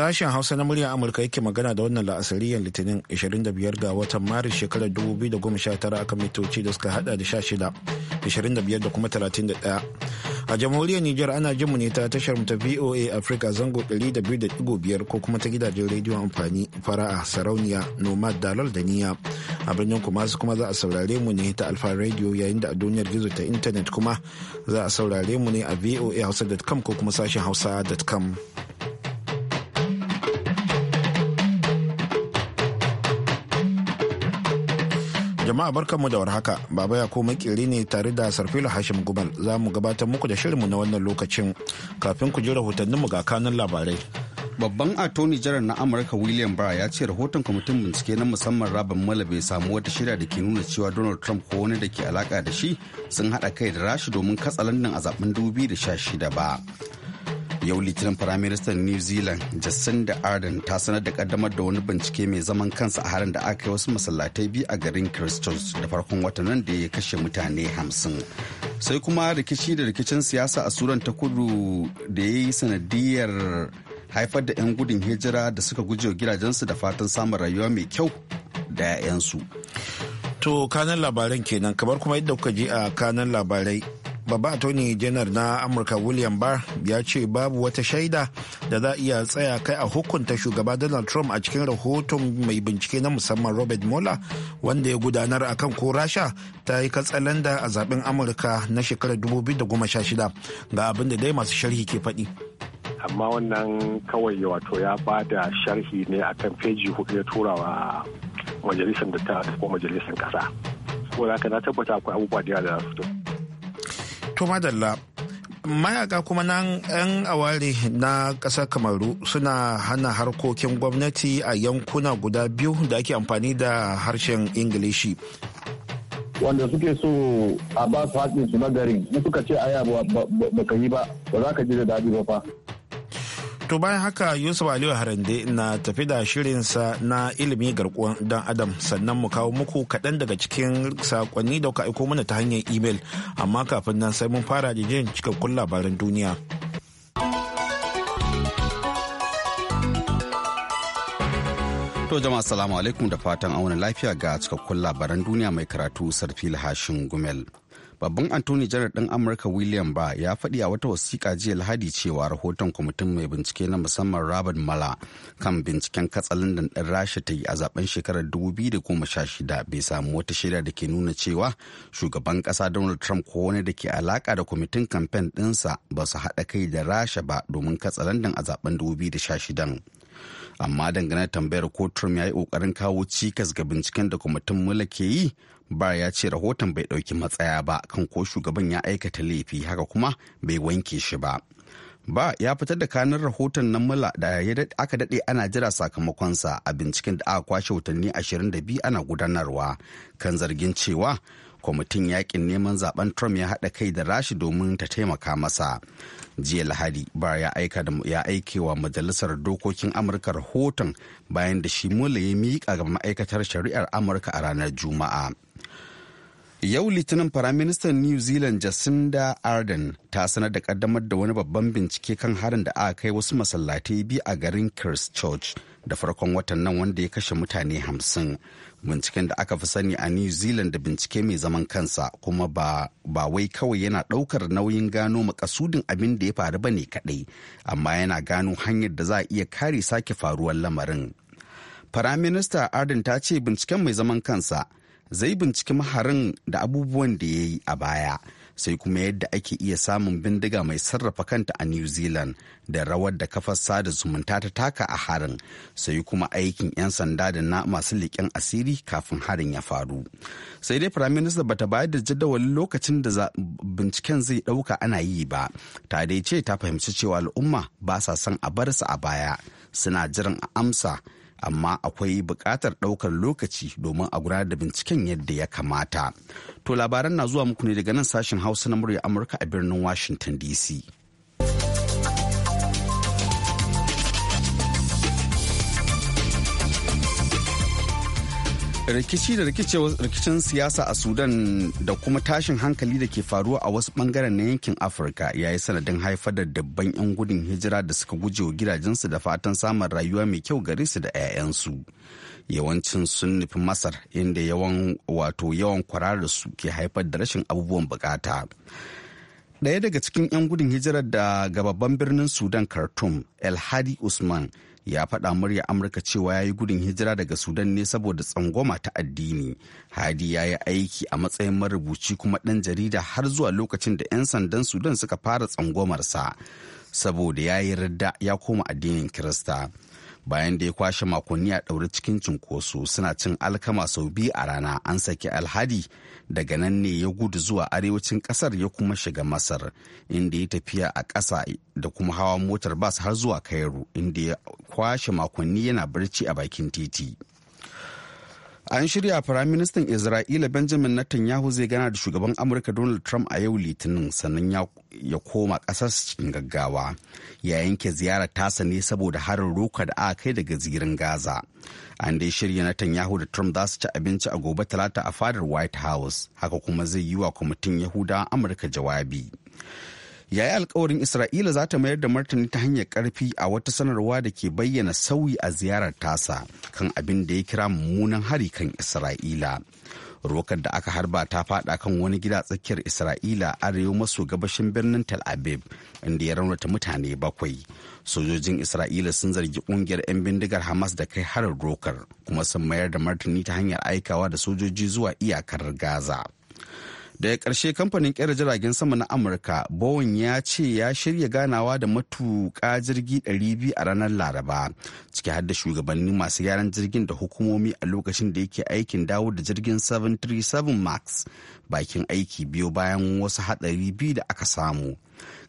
Sashen Hausa na muryar Amurka yake magana da wannan la'asariyar Litinin 25 ga watan Maris shekarar 2019 aka mitoci da suka hada da 16, 25 da kuma 31. A jamhuriyar Nijar ana jin ne ta tashar ta VOA Africa zango 200.5 ko kuma ta gidajen rediyo amfani fara'a sarauniya nomad dalal da niya. A birnin kuma su kuma za a saurare mu ne ta alfa radio yayin da a duniyar gizo ta intanet kuma za a saurare mu ne a voa hausa.com ko kuma sashen hausa.com. Jama'a barkanmu da warhaka, Baba ya koma kiri ne tare da Sarfilo Hashim gubal za mu gabatar muku da shirinmu na wannan lokacin kafin ku ji rahotanninmu ga kanun labarai. Babban attorney general na Amurka William Barr ya ce rahoton kwamitin bincike na musamman Rabin Mala bai samu wata shirya da ke nuna cewa Donald Trump ko wani da ke alaka da shi sun haɗa kai da rashi domin katsalandan a zaben 2016 ba. yau litinin firaministan new zealand da ardern ta sanar da kaddamar da wani bincike mai zaman kansa a harin da aka yi wasu masallatai biyu a garin christchurch da farkon watan nan da ya kashe mutane hamsin sai kuma rikici da rikicin siyasa a suran ta kudu da ya yi sanadiyar haifar da 'yan gudun hijira da suka guje gidajensu da fatan samun rayuwa mai kyau da 'ya'yansu to kanan labaran kenan kamar kuma yadda kuka je a kanan labarai babba tony janar na amurka william barr ya ce babu wata shaida da za iya tsaya kai a hukunta shugaba donald trump a cikin rahoton mai bincike na musamman robert mueller wanda ya gudanar akan ko rasha ta yi katsalanda a zaben amurka na shekarar 2016 ga abin da dai masu sharhi ke faɗi. amma wannan kawai wato ya ba da sharhi ne akan feji hudu ya tura wa majalisar da ta ko majalisar kasa za ka na tabbata akwai abubuwa da yawa da su to madalla mayaka kuma nan 'yan aware na kasar kamaru suna hana harkokin gwamnati a yankuna guda biyu da ake amfani da harshen ingilishi wanda suke so a ba su haƙin su na garin suka ce aya ba ka yi ba ba za ka ji da daɗi ba fa To bayan haka Yusuf Aliyu Harande na tafi da shirinsa na ilimi garkuwan dan Adam sannan mu kawo muku kaɗan daga cikin sakonni da kuka aiko mana ta hanyar imel amma kafin nan sai mun fara da jin cikakkun labaran duniya. To jama'a salamu alaikum da fatan auna lafiya ga cikakkun labaran duniya mai karatu Sarfil Hashin Gumel. babban antony janar ɗin amurka william ba ya faɗi a wata wasiƙa jiya lahadi cewa rahoton kwamitin mai bincike na musamman robert mala kan binciken katsalandan ɗin rasha ta yi a zaben shekarar 2016 bai samu wata shaida da ke nuna cewa shugaban ƙasa donald trump ko wani da ke alaƙa da kwamitin kamfen ɗinsa ba su haɗa kai da rasha ba domin katsalandan a zaben 2016 amma dangane tambayar ko trump ya yi kokarin kawo cikas ga binciken da kwamitin mula ke yi ba ya ce rahoton bai ɗauki matsaya ba kan ko shugaban ya aikata laifi haka kuma bai wanke shi ba ba ya fitar da kanin rahoton nan mula da aka daɗe ana jira sakamakonsa a binciken da aka kwashe watanni 22 ana gudanarwa kan zargin cewa kwamitin yakin neman zaben trump ya haɗa kai da rashi domin ta taimaka masa jiya lahadi ba ya aika da ya aike wa majalisar dokokin amurka rahoton bayan da shi mula ya miƙa ga ma'aikatar shari'ar amurka a ranar juma'a Yau Litinin Firaministan New Zealand Jacinda Ardern ta sanar da kaddamar da wani babban bincike kan harin da aka kai wasu masallatai biyu a garin Christchurch da farkon watan nan wanda ya kashe mutane hamsin. Binciken da aka fi sani a New Zealand da bincike mai zaman kansa kuma ba, wai kawai yana ɗaukar nauyin gano makasudin abin da ya faru ba ne kaɗai, amma yana gano hanyar da za a iya kare sake faruwar lamarin. Firaminista Ardern ta ce binciken mai zaman kansa zai binciki maharin da abubuwan da ya yi a baya sai kuma yadda ake iya samun bindiga mai sarrafa kanta a new zealand da rawar da kafar sada zumunta ta taka a harin sai kuma aikin 'yan sanda da na masu leƙen asiri kafin harin ya faru sai dai prime minister bata bayar da jadawalin lokacin da binciken zai ɗauka ana yi ba ta dai ce ta fahimci cewa al'umma ba sa son a bar su a baya suna jiran a amsa amma akwai buƙatar ɗaukar lokaci domin a gudanar da binciken yadda ya kamata. To labaran na zuwa muku ne daga nan sashen Hausa na murya Amurka a birnin Washington DC. rikici da rikicin siyasa a sudan da kuma tashin hankali da ke faruwa a wasu bangaren na yankin afirka ya yi sanadin haifar da dabban 'yan gudun hijira da suka guje wa gidajensu da fatan samun rayuwa mai kyau gare su da 'ya'yansu yawancin sun nufi masar inda yawan wato yawan kwararar su ke haifar da rashin abubuwan bukata Daya daga cikin 'yan gudun hijirar da babban birnin sudan khartoum el hadi usman ya faɗa murya amurka cewa ya yi gudun hijira daga sudan ne saboda tsangwama ta addini hadi ya yi aiki a matsayin marubuci kuma ɗan jarida har zuwa lokacin da 'yan sandan sudan suka fara tsangwamarsa saboda ya yi radda ya koma addinin kirista bayan da ya kwashe makonni a ɗaure cikin cunkoso suna cin alkama sau biyu a rana an saki alhadi daga nan ne ya gudu zuwa arewacin ƙasar ya kuma shiga masar inda ya tafiya a ƙasa da kuma hawa motar bas har zuwa kairu inda ya kwashe makonni yana barci a bakin titi. An shirya Firaministan Isra'ila Benjamin Netanyahu zai gana da shugaban Amurka Donald Trump a yau Litinin sannan ya koma ƙasar cikin gaggawa. Ya yanke ziyara tasa ne saboda harin roka da aka kai daga zirin Gaza. An dai shirya Netanyahu da Trump za su ci abinci a gobe talata a fadar White House. Haka kuma zai yi wa kwamitin yahuda Amurka jawabi. yayi alkawarin isra'ila za ta mayar da martani ta hanyar karfi a wata sanarwa da ke bayyana sauyi a ziyarar tasa kan abin da ya kira mummunan hari kan isra'ila rokar da aka harba ta fada kan wani gida tsakiyar isra'ila arewa maso gabashin birnin tel aviv inda ya raunata mutane bakwai sojojin isra'ila sun zargi kungiyar 'yan bindigar hamas da kai harin rokar kuma sun mayar da martani ta hanyar aikawa da sojoji zuwa iyakar gaza daga ƙarshe kamfanin ƙera jiragen sama na amurka bowen ya ce ya shirya ganawa da matuƙa jirgi 200 a ranar laraba ciki har da shugabannin masu gyaran jirgin da hukumomi a lokacin da yake aikin dawo da jirgin 737 max bakin aiki biyo bayan wasu haɗari biyu da aka samu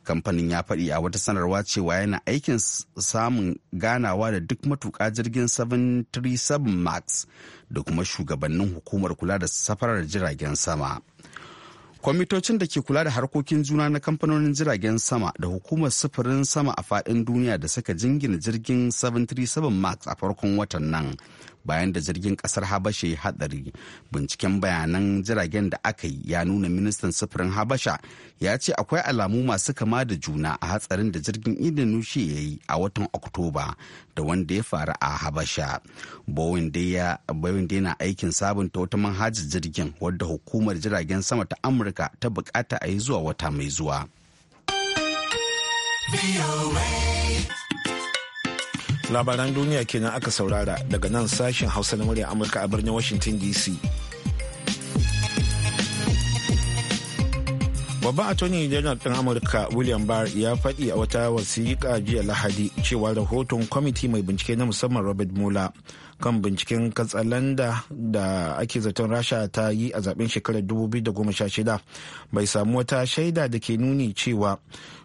kamfanin ya faɗi a wata sanarwa cewa yana aikin samun ganawa da duk matuƙa jirgin 737 max da kuma shugabannin hukumar kula da safarar jiragen sama. kwamitocin da ke kula da harkokin juna na kamfanonin jiragen sama da hukumar sufurin sama a faɗin duniya da suka jingina jirgin 737 max a farkon watan nan bayan da jirgin kasar habasha ya hadari binciken bayanan jiragen da aka yi ya nuna ministan sufurin habasha ya ce akwai alamu masu kama da juna a hatsarin da jirgin indonesia ya yi a watan oktoba da wanda ya faru a habasha bowen na aikin sabunta wata manhajar jirgin wadda hukumar jiragen sama ta amurka ta bukata a yi zuwa wata mai zuwa. labaran duniya kenan aka saurara daga nan sashen hausa na murya amurka a birnin washington dc babban attorney general ɗin amurka william barr ya faɗi a wata wasiƙa jiya lahadi cewa rahoton kwamiti mai bincike na musamman robert mueller kan binciken katsalanda da ake zaton rasha ta yi a zaben shekarar 2016 bai samu wata shaida da ke nuni cewa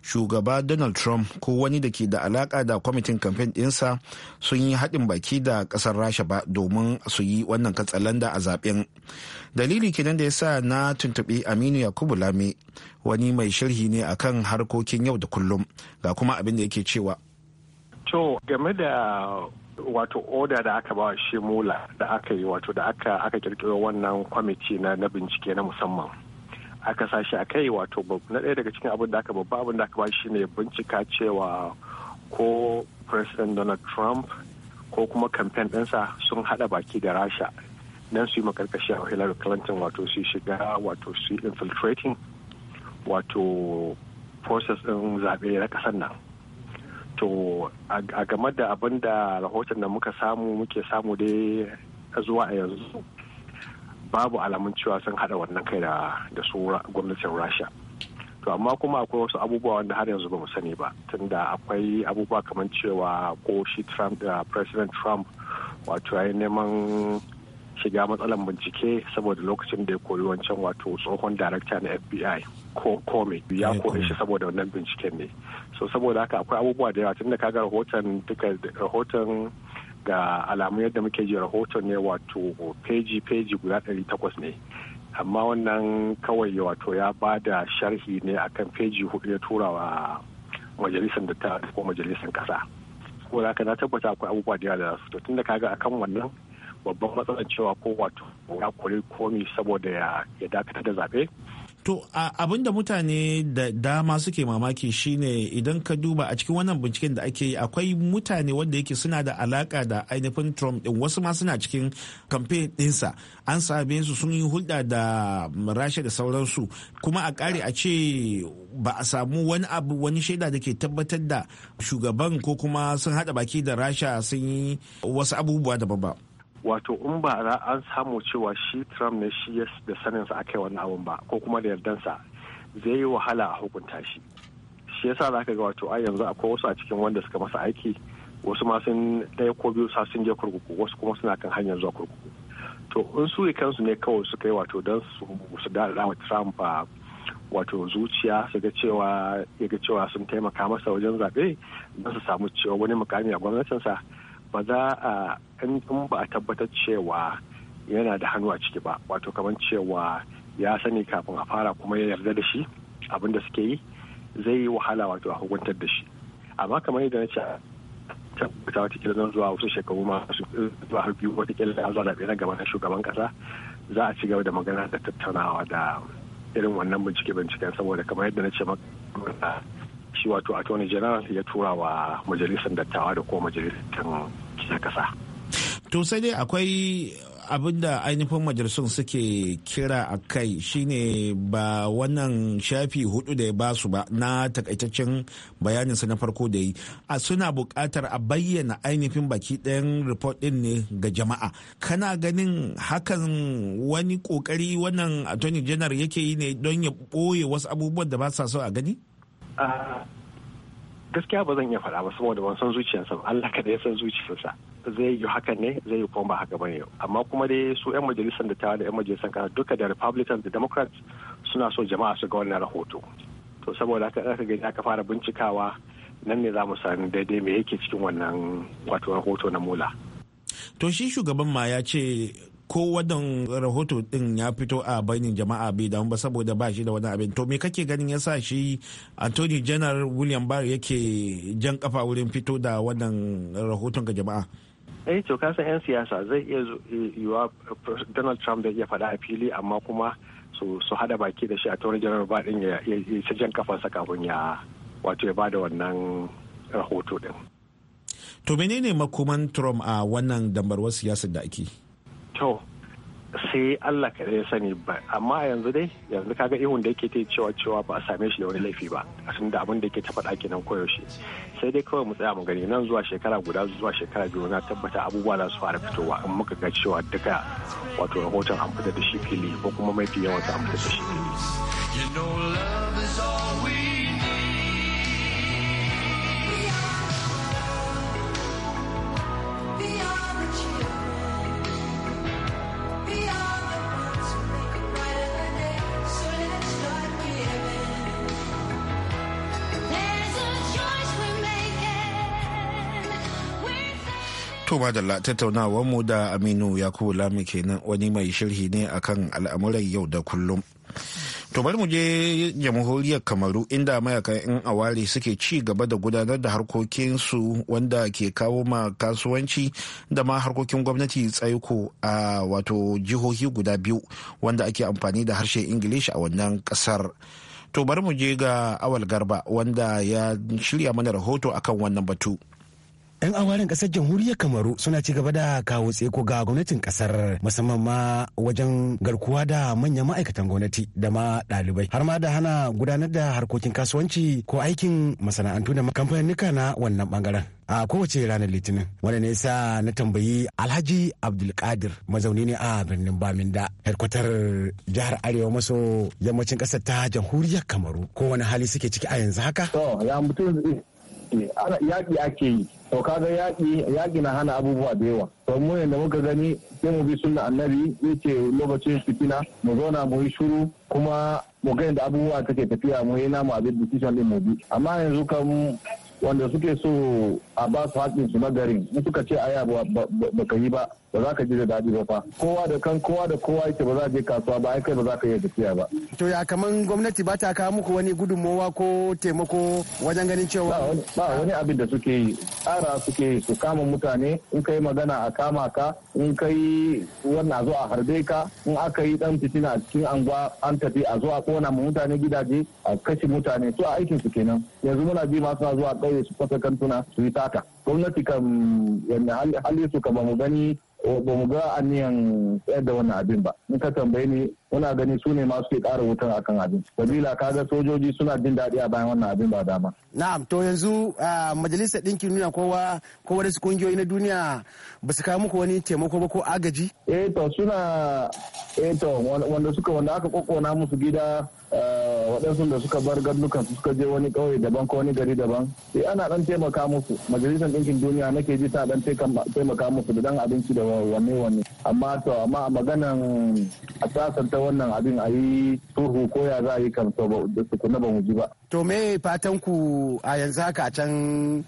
shugaba donald trump ko wani da ke da alaka da kwamitin kamfen ɗinsa sun yi haɗin baki da ƙasar rasha ba domin su yi wannan katsalanda a zaben dalili kenan da ya sa na tuntuɓi aminu yakubu lame wani mai sharhi ne akan harkokin yau da kullum ga kuma abin da yake cewa to game da wato oda da aka bawa shi mula da aka yi wato da aka aka kirkiro wannan kwamiti na na bincike na musamman aka sashi a kai wato na ɗaya daga cikin abin da aka babba abin da aka ba shi ne bincika cewa ko president donald trump ko kuma kamfen ɗinsa sun haɗa baki da rasha don su yi makarkashi a hillary clinton wato su shiga wato su infiltrating wato process ɗin zaɓe na ƙasar nan to a game da abin da rahoton da muka samu muke samu dai zuwa a yanzu babu alamun cewa sun hada wannan kai da su gwamnatin rasha to amma kuma akwai wasu abubuwa wanda har yanzu ba sani ba tunda akwai abubuwa kamar cewa ko shi trump da ah, president trump wato ya yi neman shiga matsalan bincike saboda lokacin da ya koyi wancan wato tsohon darakta na fbi kome ya eh, kome shi eh. saboda wannan binciken ne so saboda haka akwai abubuwa da yawa tun da kaga rahoton duka rahoton ga alamu yadda muke ji rahoton ne wato peji peji guda ɗari takwas ne amma wannan kawai wato ya ba da sharhi ne akan peji hudu ya tura wa majalisar da ta ko majalisar kasa ko da na tabbata akwai abubuwa da yawa da su tun da kaga akan wannan babban matsalar cewa ko wato ya kori komi saboda ya dakatar da zaɓe To abin da mutane da dama suke mamaki shine idan ka duba a cikin wannan binciken da ake yi akwai mutane wanda yake suna da alaka da ainihin Trump din wasu ma suna cikin campaign dinsa an same su sun yi hulɗa da rasha da sauransu kuma a ƙare a ce ba a samu wani abu wani shaida da ke tabbatar da shugaban ko kuma sun haɗa baki da rasha sun yi wasu abubuwa daban ba. wato in ba an samu cewa shi trump ne shi da saninsa a kai wannan abun ba ko kuma da yardansa zai yi wahala a hukunta shi shi yasa za ka ga wato a yanzu akwai wasu a cikin wanda suka masa aiki wasu ma sun ɗaya ko biyu sa sun je kurkuku wasu kuma suna kan hanyar zuwa kurkuku to in su kansu ne kawai suka yi wato don su da wa trump ah, wato zuciya su ga cewa ya ga cewa sun taimaka masa wajen zaɓe don su samu cewa wani mukami a gwamnatinsa ba za a in ba a tabbatar cewa yana da hannu a ciki ba wato kamar cewa ya sani kafin a fara kuma ya yarda da shi abin da suke yi zai yi wahala wato a hukuntar da shi amma kamar yadda na ce tabbata watakila zan zuwa wasu shekaru masu zuwa har biyu watakila zuwa zaɓe na gaba shugaban kasa za a ci gaba da magana da tattaunawa da irin wannan bincike binciken saboda kamar yadda na ce maka shi wato attorney general ya tura wa majalisar dattawa da kuma majalisar kisa kasa to sai dai akwai abin da ainihin majalisun suke kira a kai shine ba wannan shafi hudu da ya basu ba na takaitaccen bayaninsa na farko da yi a suna buƙatar a bayyana ainihin baki ɗayan report ɗin ne ga jama'a kana ganin hakan wani ƙoƙari wannan attorney general yake yi ne don ya ɓoye wasu abubuwan da ba sa so a gani? gaskiya ba zan iya faɗa ba saboda ban san zuciyarsa ba Allah kada ya san zuciyarsa zai yi hakan ne zai yi kuma ba haka bane amma kuma dai su yan majalisar da ta da yan majalisar kasa duka da Republicans da Democrats suna so jama'a su ga wannan rahoto to saboda haka aka gani aka fara bincikawa nan ne za mu san daidai me yake cikin wannan wato rahoto na mula to shi shugaban ma ya ce ko wannan rahoto din ya fito a bainin jama'a bai damu ba saboda ba shi da wani abin to me kake ganin ya sa shi anthony janar william barr yake jan kafa wurin fito da wannan rahoton ga jama'a eh to kasan 'yan siyasa zai iya eh, yiwa donald trump da iya faɗa a fili amma kuma su hada baki da shi a taurin janar ba din ya ta jan kafansa kafin ya wato ya bada wannan rahoto din to menene makoman trump a wannan dambarwar siyasar da ake to sai Allah ka zai sani ba amma yanzu dai yanzu ka ga ihun da yake ta cewa cewa ba a same shi da wani laifi ba a sun da abin da yake ta faɗa kenan koyaushe sai dai kawai mu tsaya mu gani nan zuwa shekara guda zuwa shekara biyu na tabbata abubuwa za su fara fitowa in muka ga cewa duka wato rahoton an fita da shi fili ko kuma mafi yawan an fita da shi fili. To da tattaunawar mu da Aminu Yakubu Lami kenan wani mai shirhi ne akan al'amuran yau da kullum. To bari mu je jamhuriyar Kamaru inda mayakan in aware suke ci gaba da gudanar da harkokinsu wanda ke kawo ma kasuwanci da ma harkokin gwamnati tsaiko a wato jihohi guda biyu wanda ake amfani da harshen Ingilishi a wannan kasar. To bari mu je ga awal garba wanda ya shirya mana rahoto akan wannan batu. 'yan awaren kasar jamhuriyar kamaru suna ci gaba da kawo tseko ga gwamnatin kasar musamman ma wajen garkuwa da manyan ma'aikatan gwamnati da ma ɗalibai har ma da hana gudanar da harkokin kasuwanci ko aikin masana'antu da Nika na wannan bangaren a kowace ranar litinin wanda ne sa na tambayi alhaji abdulkadir mazauni ne a birnin baminda hedkwatar jihar arewa maso yammacin kasar ta jamhuriyar kamaru ko wani hali suke ciki a yanzu haka to ya mutum yaƙi ake yi to kaga yaƙi yaƙi na hana abubuwa da yawa to mu ne da muka gani sai mu bi sunna annabi yace lokacin fitina mu zauna mu yi shuru kuma mu ga abubuwa abubuwa take tafiya mu yi namu abin decision din mu bi amma yanzu kan wanda suke so a ba su haƙin su na garin in suka ce aya ba ka yi ba ba za ka ji da daɗi ba fa kowa da kan kowa da kowa yake ba za je kasuwa ba ai kai ba za ka iya tafiya ba to ya kaman gwamnati ba ta kawo muku wani gudunmowa ko taimako wajen ganin cewa ba wani abin da suke yi tsara suke su kama mutane in kai magana a kama ka in kai wannan zo a harbe ka in aka yi dan fitina a cikin anguwa an tafi a zo a kona mutane gidaje a kashe mutane to a aikin su kenan yanzu muna bi masu zuwa kauye su fasa kantuna su yi taka gwamnati kan hali su ka ba mu gani ba mu ga aniyan yadda wannan abin ba in ka tambaye ni kuna gani su ne ma suke ƙara wutar kan abin sabila kaga sojoji suna jin daɗi a bayan wannan abin ba dama na'am to yanzu majalisar ɗinkin duniya kowa ko wadansu kungiyoyi na duniya ba su kawo muku wani taimako ba ko agaji eh to suna eh to wanda suka wanda aka kokona musu gida waɗansu da suka bar garnukan su suka je wani ƙauye daban ko wani gari daban sai eh, ana ɗan taimaka musu majalisar ɗinkin duniya nake ji ta ɗan taimaka musu da ɗan abinci da wanne wanne amma to amma a maganan a sasanta ita wannan abin a yi turhu ko ya za a yi kan tukuna ba mu ji ba. To me fatan ku a yanzu haka a can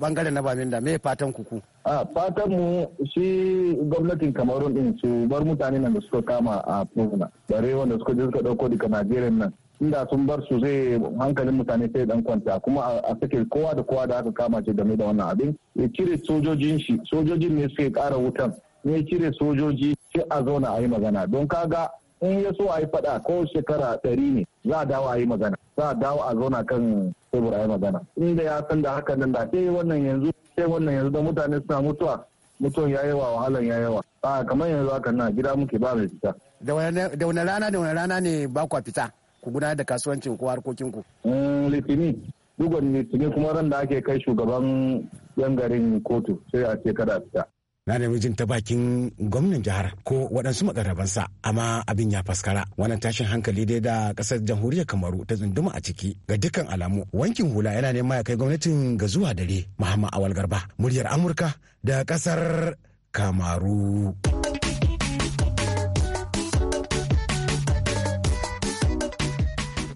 bangaren na Baminda me fatan ku ku? A fatan mu shi gwamnatin Cameroon din su bar mutane nan da suka kama a Fulna. Bare wanda suka je suka dauko daga Najeriya nan. inda sun bar su zai hankalin mutane sai dan kwanta kuma a sake kowa da kowa da aka kama shi game da wannan abin ya cire sojojin shi sojojin ne suke kara wutan ne cire sojoji sai a zauna a yi magana don kaga in ya so a yi faɗa ko shekara ɗari ne za a dawo a yi magana za a dawo a zauna kan tebur a yi magana inda ya san da haka nan da sai eh, wannan yanzu sai eh, wannan yanzu da mutane suna mutuwa mutuwan ya yawa wahalan ya yawa a kamar yanzu haka na gida muke ba mai fita. da wani rana da wani rana ne ba kwa fita ku gudanar da kasuwancin ko harkokin ku. Mm, litini duk litini kuma ran da ake kai shugaban yan garin kotu sai a ce kada fita. na da mijin ta bakin gwamnan jihar ko waɗansu makarabansa amma abin ya faskara wannan tashin hankali dai da ƙasar jamhuriyar kamaru ta tsunduma a ciki ga dukkan alamu wankin hula yana nema ya kai gwamnatin ga zuwa dare muhammad awal garba muryar amurka da ƙasar kamaru.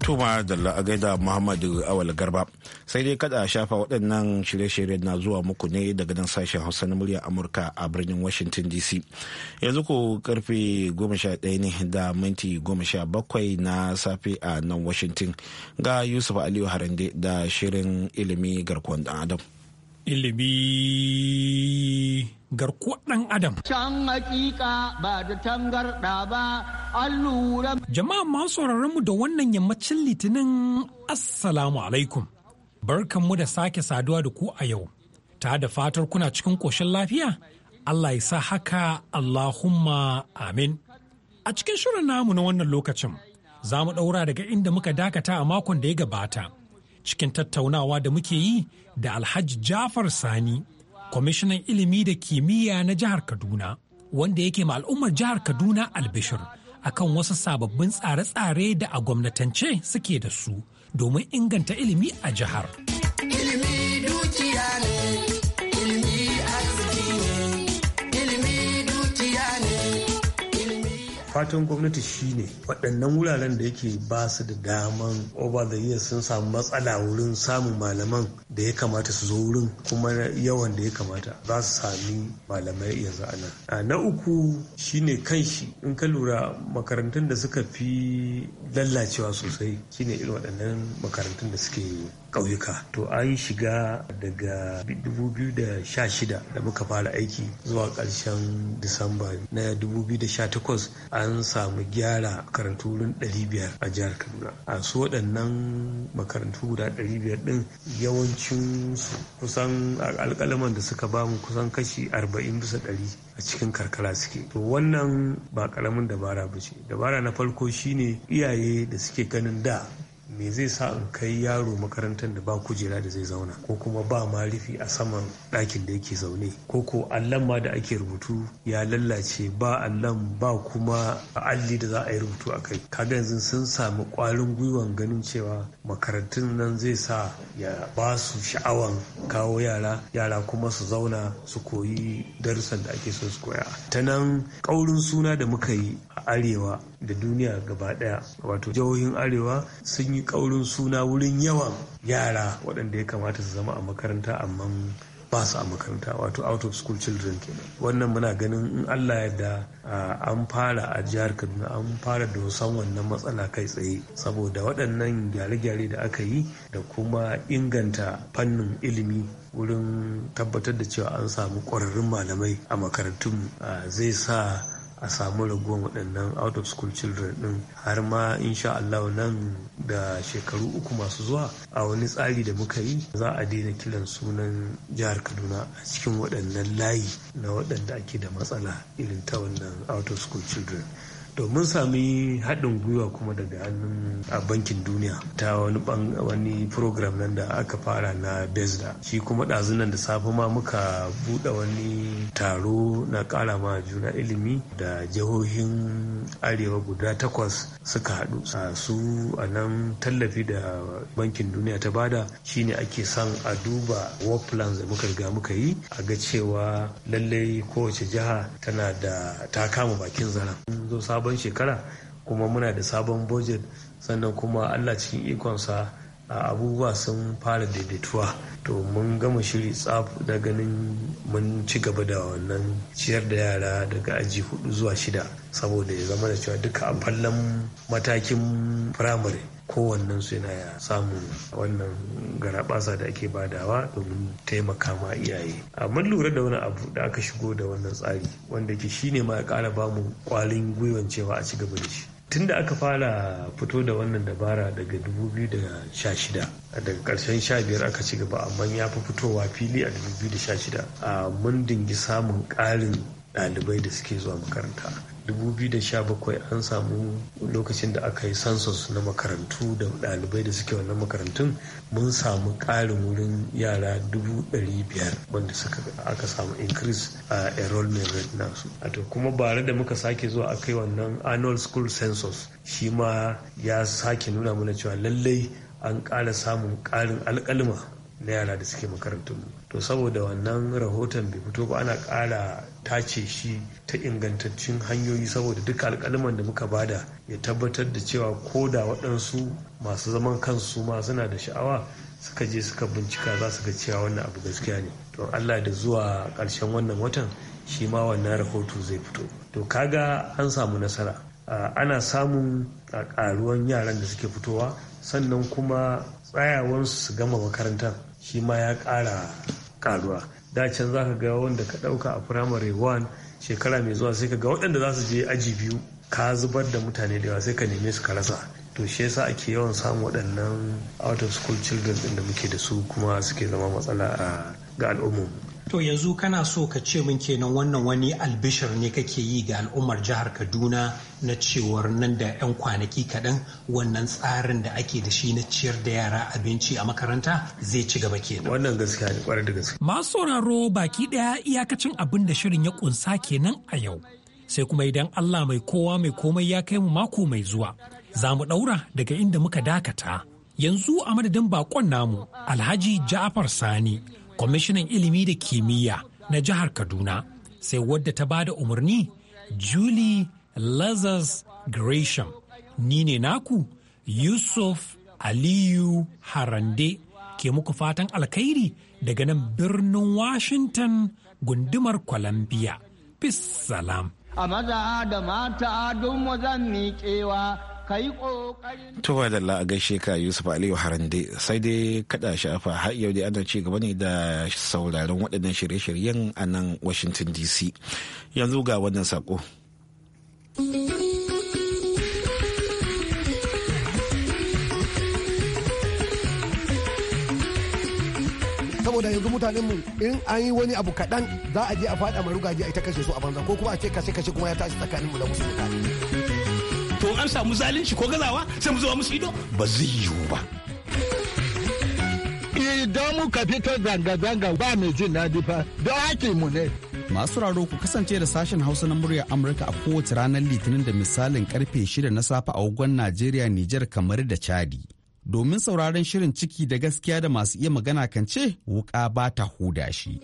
Tuma da a gaida Muhammadu Awal Garba. Sai dai kada a shafa waɗannan shirye shiryen na zuwa muku ne daga nan sashen Hausa na muryar Amurka a birnin Washington DC. Yanzu ku karfe 11 ne da minti 17 na safe a nan Washington ga Yusuf Aliyu Harande da shirin ilimi garkuwan ɗan Adam. ilimi garkuwar ɗan adam. Can hakika ba da tangarɗa ba, an lura. Jama'a masu mu da wannan yammacin litinin Assalamu alaikum. barkan mu da sake saduwa da ku a yau, ta da fatar kuna cikin ƙoshin lafiya? Allah ya sa haka Allahumma amin. A cikin shirin namu na wannan lokacin, za mu ɗaura daga inda muka dakata a makon da ya gabata. cikin tattaunawa da muke yi da Alhaji Jafar Sani, kwamishinan ilimi da kimiyya na jihar Kaduna, wanda yake ma al'ummar jihar Kaduna albishir akan wasu sababbin tsare-tsare da a gwamnatance suke da su domin inganta ilimi a jihar. fatan gwamnati shine waɗannan wuraren da yake ba su da daman over the years sun samu matsala wurin samun malaman da ya kamata su zo wurin kuma yawan da ya kamata za su sami malamai yanzu a nan. Na uku shine kan shi in ka lura makarantun da suka fi lallacewa sosai shine irin waɗannan makarantun da suke ƙauyuka to an shiga daga 2016 da muka fara aiki zuwa ƙarshen disamba na 2018 an samu gyara makarantu wurin 500 a jihar kaduna a su waɗannan makarantu guda 500 ɗin yawancin kusan alkalaman da suka bamu kusan kashi 40 bisa 100 a cikin karkara suke to wannan ba karamin dabara ba ce dabara na farko shine iyaye da suke ganin da me zai sa in kai yaro makarantar da ba kujera da zai zauna ko kuma ba ma rufi a saman ɗakin da yake zaune ko ko allon ma da ake rubutu ya lallace ba allon ba kuma alli da za a yi rubutu a kai kaga yanzu sun sami ƙwarin gwiwan ganin cewa makarantun nan zai sa ya ba su sha'awan kawo yara yara kuma su zauna su koyi darussan da ake so su koya ta nan ƙaurin suna da muka yi a arewa da duniya gaba daya wato jihohin arewa sun yi kaurin suna wurin yawan yara waɗanda ya kamata su zama a makaranta amma ba su a makaranta wato out of school children kenan wannan muna ganin in allah yadda an fara a jihar kaduna an fara da san wannan matsala kai tsaye saboda waɗannan gyare-gyare da aka yi da kuma inganta fannin ilimi wurin tabbatar da cewa an samu ƙwararrun malamai a makarantunmu zai sa a samu raguwan waɗannan out of school children ɗin har ma insha Allah nan da shekaru uku masu zuwa a wani tsari da muka yi za a daina kiran sunan jihar Kaduna a cikin waɗannan layi na waɗanda ake da matsala irin ta wannan out of school children. domin sami haɗin gwiwa kuma daga hannun a bankin duniya ta wani wani program nan da aka fara na Bezda, shi kuma ɗazunan da safe ma muka buɗe wani taro na ƙara ma juna ilimi da jihohin arewa guda takwas suka haɗu a su a nan tallafi da bankin duniya ta bada shine ake son a duba work plans da muka riga muka yi a ga cewa lallai kowace jiha tana da ta kama bakin zaren zo sabon shekara kuma muna da sabon budget sannan kuma allah cikin ikonsa abubuwa sun fara daidaituwa to mun gama shiri tsaf da ganin mun ci gaba da wannan ciyar da yara daga aji hudu zuwa shida saboda ya zama da cewa duka a fallon matakin firamare kowannen su yana samun wannan garabasa da ake badawa domin taimaka ma iyaye amma lura da wani abu da aka shigo da wannan tsari wanda ke shine ma ya kara bamu kwalin gwiwan cewa a ci gaba da shi tun da aka fara fito da wannan dabara daga 2016 daga karshen 15 aka ci gaba amma ya fi fitowa fili a 2016 a mun dingi samun ƙarin ɗalibai da suke zuwa makaranta 2017 an samu lokacin da aka yi sansus na makarantu da ɗalibai da suke wannan makarantun mun samu ƙarin wurin yara 500 wanda aka samu increase a enrollment rate nasu a to kuma bare da muka sake zuwa aka yi wannan annual school census shi ma ya sake nuna mana cewa lallai an ƙara samun ƙarin alƙalma na yara da suke makarantun to saboda wannan rahoton bai fito ba ana ƙara tace shi ta ingantaccen hanyoyi saboda duk alƙaliman da muka bada ya tabbatar da cewa ko da waɗansu masu zaman kansu ma suna da sha'awa suka je suka bincika za su ga cewa wannan abu gaskiya ne to allah da zuwa ƙarshen wannan watan shi ma wannan rahoto zai fito to kaga an samu nasara ana samun ƙaruwan yaran da suke fitowa sannan kuma tsayawansu su gama makarantar shi ma ya ƙara ƙaruwa da can za ka ga wanda ka ɗauka a firamare 1 shekara mai zuwa sai ka ga waɗanda za su je aji biyu ka zubar da mutane da yawa sai ka neme su ka rasa to shi yasa ake yawan samun waɗannan out of school children ɗin da muke da su kuma suke zama matsala ga al'ummu. To yanzu kana so ka ce min kenan wannan wani albishir ne kake yi ga al'ummar jihar Kaduna na cewar nan da 'yan kwanaki kaɗan wannan tsarin da ake da shi na ciyar da yara abinci a makaranta zai ci gaba kenan. Wannan gaskiya ne kwarar da gaskiya. Masu sauraro baki ɗaya iyakacin abin da shirin ya kunsa kenan a yau. Sai kuma idan Allah mai kowa mai komai ya kai mu mako mai zuwa. Za mu ɗaura daga inda muka dakata. Yanzu a madadin bakon namu Alhaji Ja'afar Sani kwamishinan ilimi da kimiyya na jihar kaduna sai wadda ta ba da umarni julie lazarus gresham ni ne naku yusuf aliyu harande ke muku fatan alkhairi daga nan birnin washington gundumar columbia bis salam a maza da mata don mu zan miƙewa Tuba da Allah a gaishe ka Yusuf Aliyu Harande sai dai kada shafa har yau dai ana ci gaba ne da sauraron waɗannan shirye-shiryen a nan Washington DC. Yanzu ga wannan sako. saboda yanzu mutanen mu in an yi wani abu kaɗan za a je a faɗa marugaji a ita kashe su a banza ko kuma a ce kashe kashe kuma ya tashi tsakanin mu da wasu mutane. to an samu zalunci ko gazawa sai mu zo musu ido ba zai yiwu ba idan muka fito zanga-zanga ba mai jin daɗi fa don haƙi mu ne masu raro ku kasance da sashen hausa na muryar amurka a kowace ranar litinin da misalin karfe 6 na safe a wagon najeriya nijar kamar da chadi domin sauraron shirin ciki da gaskiya da masu iya magana kan ce wuƙa ba ta huda shi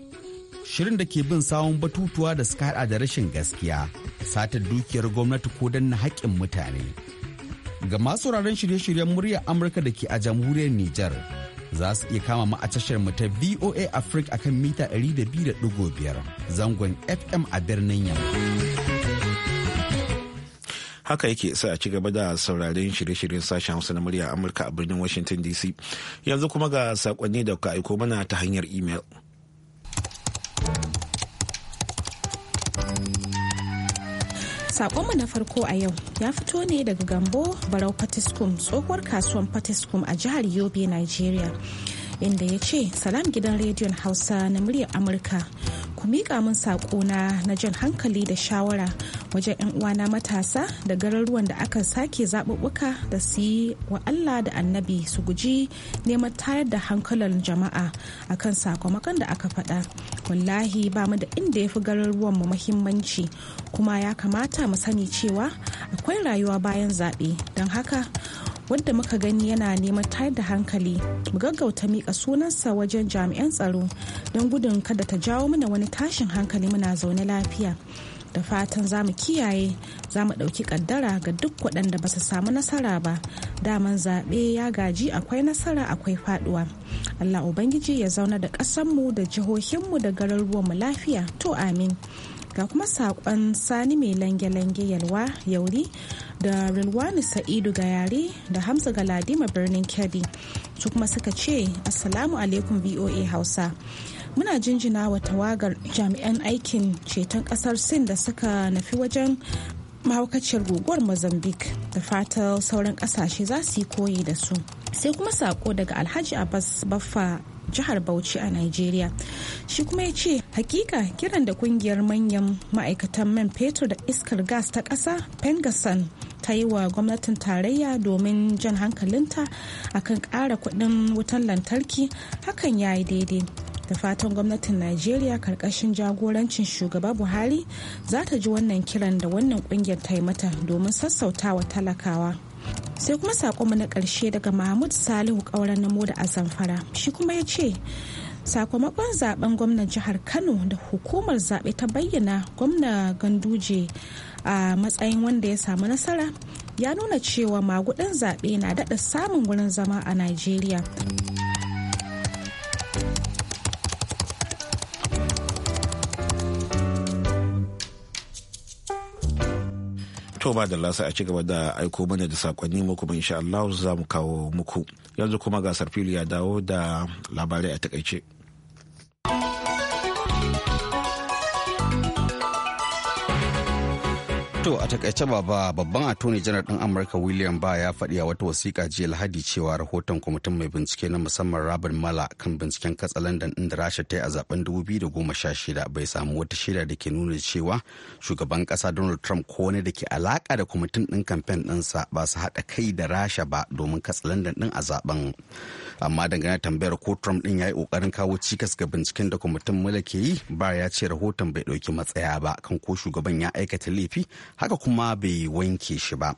shirin da ke bin sawun batutuwa da suka hada da rashin gaskiya satar dukiyar gwamnati ko danna haƙƙin mutane ga masu sauraron shirye-shiryen muryar amurka da ke a jamhuriyar niger za su iya kama mu a tashar mu ta voa africa akan mita 200.5 zangon fm a birnin yamma haka yake sai a ci gaba da sauraren shirye-shiryen sashen hausa na murya amurka a birnin washington dc yanzu kuma ga sakonni da kuka aiko mana ta hanyar imel. Sakonmu na farko a yau ya fito ne daga Gambo Barau Patiskum tsohuwar kasuwan Patiskum a jihar Yobe, Nigeria. Inda ya ce, Salam gidan rediyon Hausa na muryar Amurka, ku miƙa min saƙona na jan hankali da shawara wajen 'yan uwana matasa da garuruwan da aka sake zaɓuɓɓuka da su yi wa Allah da annabi su guji neman tayar da hankalin jama'a akan sakamakon da aka faɗa. Wallahi ba mu da inda ya fi garuruwan mu muhimmanci kuma ya kamata mu sani cewa akwai rayuwa bayan zaɓe don haka wanda muka gani yana neman tayar da hankali mu gaggauta mika sunansa wajen jami'an tsaro don gudun kada ta jawo mana wani tashin hankali muna zaune lafiya. da fatan za mu kiyaye za mu ɗauki ƙaddara ga duk waɗanda ba su samu nasara ba daman zaɓe ya gaji akwai nasara akwai faɗuwa allah ubangiji ya zauna da ƙasanmu da jihohinmu da garuruwanmu lafiya to amin ga kuma saƙon sani mai lange-lange yalwa yauri da rilwani sa'idu ga yare da hamza galadima birnin kebbi su kuma suka ce assalamu alaikum voa hausa muna jinjina wa tawagar jami'an aikin ceton kasar sin da suka nafi wajen mahaukaciyar guguwar mozambique da fatar sauran kasashe za su yi koyi da su sai kuma sako daga alhaji abbas baffa jihar bauchi a nigeria shi kuma ya ce hakika kiran da kungiyar manyan ma'aikatan man fetur da iskar gas ta ƙasa pengasan ta yi wa gwamnatin tarayya domin jan hankalinta akan ƙara kuɗin wutan lantarki hakan ya yi daidai da fatan gwamnatin najeriya karkashin jagorancin shugaba buhari za ta ji wannan kiran da wannan kungiyar ta yi mata domin sassautawa talakawa sai kuma sakonmu na karshe daga mahmud salihu kauran namo da zamfara shi kuma ya ce sakamakon zaben gwamnan jihar kano da hukumar zaɓe ta bayyana gwamna ganduje a matsayin wanda ya samu nasara ya nuna cewa magudan zaɓe na daɗa samun wurin zama a najeriya to ba da lasa a ci gaba da aiko mana da sakonni muku ba insha Allah za mu kawo muku yanzu kuma gasar fili ya dawo da labarai a takaice. To a takaice baba babban attorney janar ɗin Amurka William ba ya faɗi a wata wasiƙa jiya Lahadi cewa rahoton kwamitin mai bincike na musamman Rabin Mala kan binciken katsalandan ɗin da Rasha ta yi a zaben 2016 bai samu wata shaida da ke nuna cewa shugaban ƙasa Donald Trump ko wani da ke alaƙa da kwamitin ɗin kamfen ɗinsa ba su haɗa kai da Rasha ba domin katsalandan ɗin a zaben. Amma dangane tambayar ko Trump ɗin ya yi ƙoƙarin kawo cikas ga binciken da kwamitin Mala ke yi ba ya ce rahoton bai ɗauki matsaya ba kan ko shugaban ya aikata laifi haka kuma bai wanke shi ba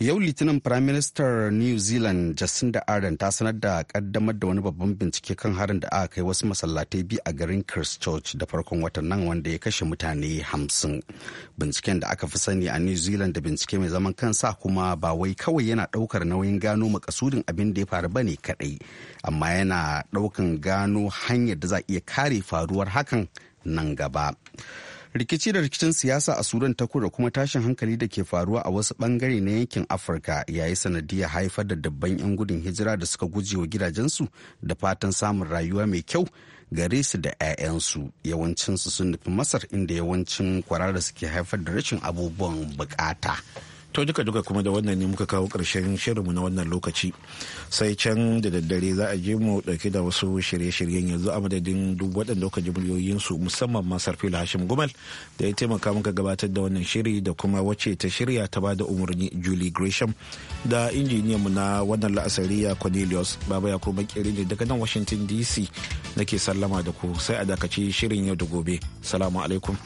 yau litinin prime minister new zealand jacinda ardern ta sanar da kaddamar da wani babban bincike kan harin da aka kai wasu masallatai biyu a garin christchurch da farkon watan nan wanda ya kashe mutane hamsin binciken da aka fi sani a new zealand da bincike mai zaman kansa kuma ba wai kawai yana daukar nauyin gano makasudin abin da ya faru ba ne kadai amma yana daukan gano hanyar da za a iya kare faruwar hakan nan gaba rikici da rikicin siyasa a sudan ta kudu kuma tashin hankali da ke faruwa a wasu bangare na yankin afirka yayi sanadiyar haifar da dabban 'yan gudun hijira da suka guje wa gidajensu da fatan samun rayuwa mai kyau gare su da 'ya'yansu yawancinsu sun nufi masar inda yawancin kwararra suke haifar da rashin abubuwan bukata. to duka duka kuma da wannan ne muka kawo ƙarshen shirinmu na wannan lokaci sai can da daddare za a je mu dauke da wasu shirye-shiryen yanzu a madadin duk waɗanda kuka ji su musamman masar sarfil hashim gumal da ya taimaka muka gabatar da wannan shiri da kuma wacce ta shirya ta ba da umarni julie gresham da injiniyan mu na wannan la'asariya cornelius baba ya kuma ne daga nan washington dc nake sallama da ku sai a dakaci shirin yau da gobe salamu alaikum